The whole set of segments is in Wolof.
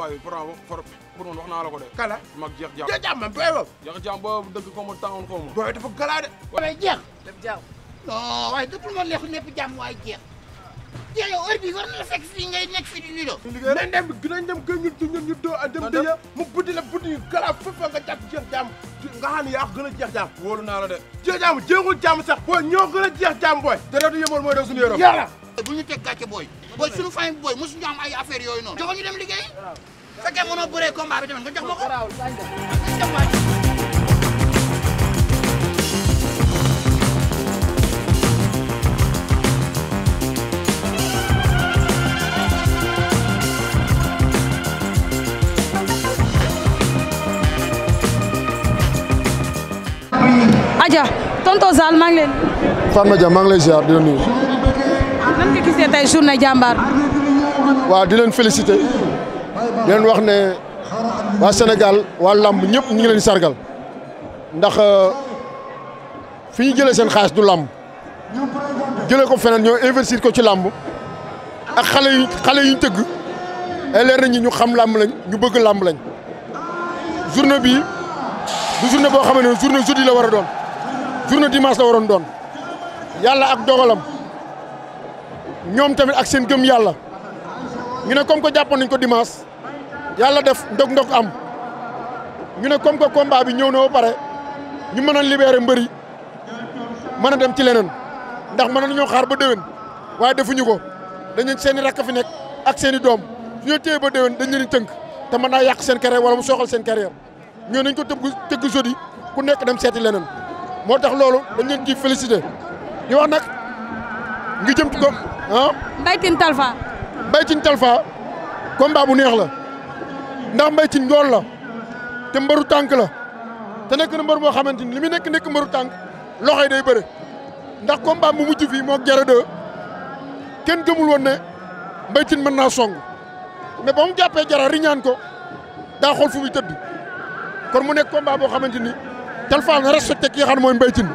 combat bi pourtant for pour man wax naa la ko de. kala mag jeex jaam jeex jaam man booy boobu. jeex jaam boobu dëgg ko ma tàngoon ko ma. booy dafa de. waaye jeex. def jaaw. non waaye dëppul ma leexu nepp jàmm waaye jeex. jeex yow heure bii war na la fekk fii ngay ñu ñun ñu doo dem dëya mu buddi la buddi ñu galaa foofu nga jàpp jeex jaam nga xam ne yaa gën a jeex jaam. wóolu naa la de. jeex jaam jeexul sax. booy ñoo gën a jeex jaam booy. dara da yëmoon mooy daw suñu yaram. yàlla bu ñu teg gàcce booy suñu fayin booy mosuñu am ay ma ko dem waay nan nga gisee tey journée jàmbaar. waaw di leen félicité di wax ne waa Sénégal waa làmb ñëpp ñu ngi leen sargal ndax euh, fi ñu jëlee seen xaalis du làmb jëlee ko feneen ñoo investir ko ci làmb ak xale yu xale yu ñu tëgg ay leer nañ ñi ñu xam làmb lañ ñu bëgg làmb lañ journée bii du journée boo xam ne journée jeudi la war a doon journée dimanche la waroon doon yàlla ak dogalam. ñoom tamit ak seen gëm yàlla ñu ne comme que jàppoon nañ ko dimaas yàlla def ndog-ndog am ñu ne comme que combat bi ñëw na ba pare ñu mën mënoon libéré mbëri mën a dem ci leneen ndax mënoon ñoo xaar ba déwén waaye defuñu ko dañu seen i rakk fi nekk ak seeni i doom suñu téye ba déwén dañ leen di tënk te mën naa yàq seen carrière wala mu soxal seen carrière ñoo nañ ko tëgg tëgg jeudi ku nekk dem seeti leneen moo tax loolu dañ leen ciy félicité di wax nag. ngi jëm ci ko ah. Mbaye Tine Talfa. Mbaye Tine Talfa combat neex la ndax Mbaye Tine njool la te mbaru tànk la te nekk na mbaru moo xamante ni li muy nekk nekk mbaru tànk loxo yi day bëre ndax combat mu mujj fii moog Jara 2 kenn gëmul woon ne Mbaye Tine mën naa song mais ba mu jàppee Jara riñaan ko daa xool fu muy tëdd kon mu nekk combat boo xamante ni Talfa na respecté ki nga xam ne mooy Mbaye Tine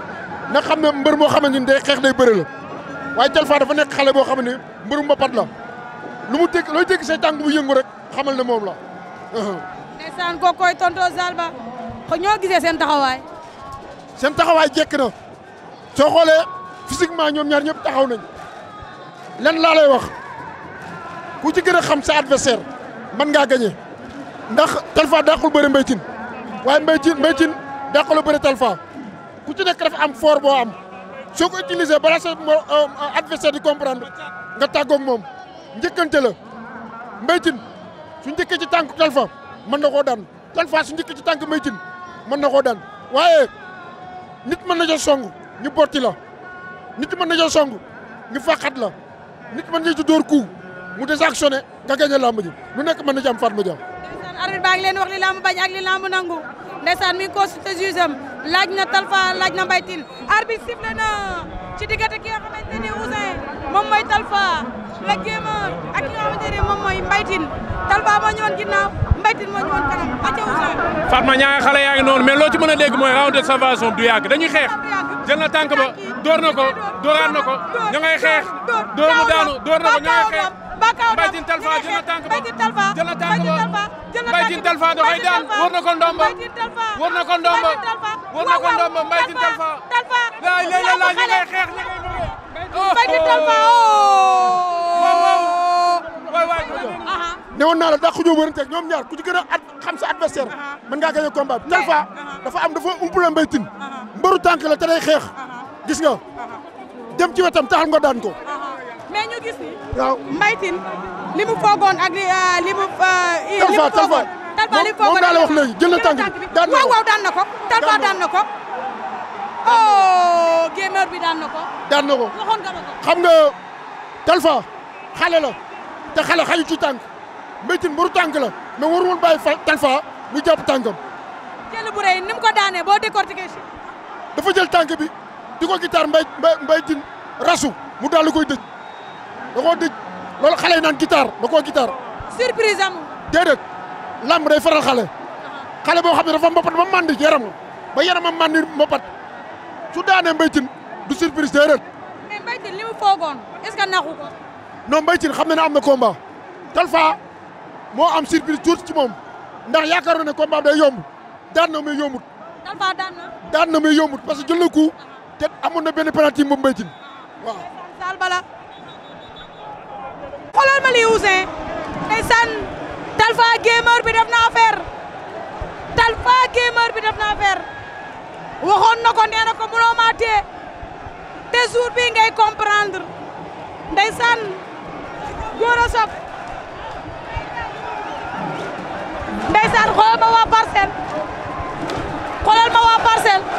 ndax xam ne mbër moo xamante ni day xeex day bëre la. waaye Jalfa dafa nekk xale boo xam ne mbërum mbapat la lu mu tekk looy tekki say tànk bu yëngu rek xamal ne moom la. Uh-huh. ndeysaan kooku koy tontoo Zalba ko ñoo gisee seen taxawaay. seen taxawaay jekk na soo xoolee physiquement ñoom ñaar ñëpp taxaw nañ lan laa lay wax ku ci gën a xam sa adversaire man ngaa gañe ndax Talfa dàqul bëre Mbaye Tine waaye Mbaye Tine Mbaye Tine dàqul bëre Talfa ku ci nekk dafa am fort boo am. soo ko utilisé balaa sa euh, euh, adversaire di comprendre nga tàggoog moom njëkkante la mbaytin su njëkkee ci tànk talfa mën na koo daan talfa su njëkkee ci tànk mbaytin mën na koo daan waaye nit mën na joo song ñu borti la nit mën na joo song ñu fàqat la nit mën na ci dóor coup mu désactionné nga gagné làmb ji lu nekk mën na ci am Fatma Dia. baa ngi leen wax li làmb bañ ak li làmb nangu ndeysaan mi ngi consulté juge laaj na Talfa laaj na Mbaye Tine arbitre sifflé na ci diggante ki nga xamante ne Ouzin moom Talfa la géem ki nga xamante ne moom Talfa moo ñëwoon ginnaaw Mbaye Tine moo ñëwoon kanam acca Ouzin Fatma yaa ngi noonu mais loo ci mën a dégg mooy round de salvation du yàgg dañuy xeex jël na tànk ba door na ko dooraat na ko ña xeex door mu daanu door na ko ña xeex Bakaaw Dame Mbaytin Talfa jël na tànk ba Mbaytin Talfa jël na tànk ba Mbaytin Talfa dafay daan war na ko ndomba war na ko ndomba war na ko ndomba Mbaytin Talfa. waaw léeg-léeg la ñu ngay xeex ñu ngay bëre. Mbaytin Talfa ooo. Oh. Oh. waay waay newoon naa la dàq ñoo wëranteeg ñoom ñaar ku ci gën a at xam sa adversaire mën ngaa gagné combat bi Talfa dafa am dafa umpule Mbaytin mbëru tànk la te day xeex gis nga dem ci wetam taxal nga daan ko. mais ñu gis ni. waaw Mbaye Tine li mu foogoon ak li euh, euh, mu. Talfa Talfa Talfa mu foogoon moom daal la wax léegi jël na tànk bi daan na ko waaw waaw daan Talfa daan na ko. oh gémeur bi daan na ko. daan na ko waxoon nga Talfa xale la te xale xaju ci tànk Mbaye Tine mbaru tànk la mais waru woon bàyyi jël bu rëy mu ko daanee boo décortiquer dafa jël tànk bi di ko gitaar Mbaye rasu mu daal koy dëj. da koo tëj loolu xale yi naan guitare da koo guitare. surprise amul. déedéet lamb day faral xale. xale boo xam ne dafa mbapat ba mandi yaram ba yaramam mandi mbapat su daanee mbaytin du surprise déedéet. mais mbaytin li mu foogoon est ce naxu ko. non mbaytin xam na ne am na combat Talfa moo am surprise tuuti ci moom ndax yaakaar na ne combat day yomb daan na muy yombut. Talfa daan na. daan na muy yombut parce que jël na ko te amoon na benn penalty bu mbaytin waaw. xoolal ma lii Ouzin ndeysaan Talfa Gamer bi def na affaire Talfa Gamer bi def na affaire waxoon na ko ko mënoo maa téye te jour bii ngay comprendre ndeysaan góor a sob ndeysaan xoolal ma waa parcelle xoolal ma waa parcelle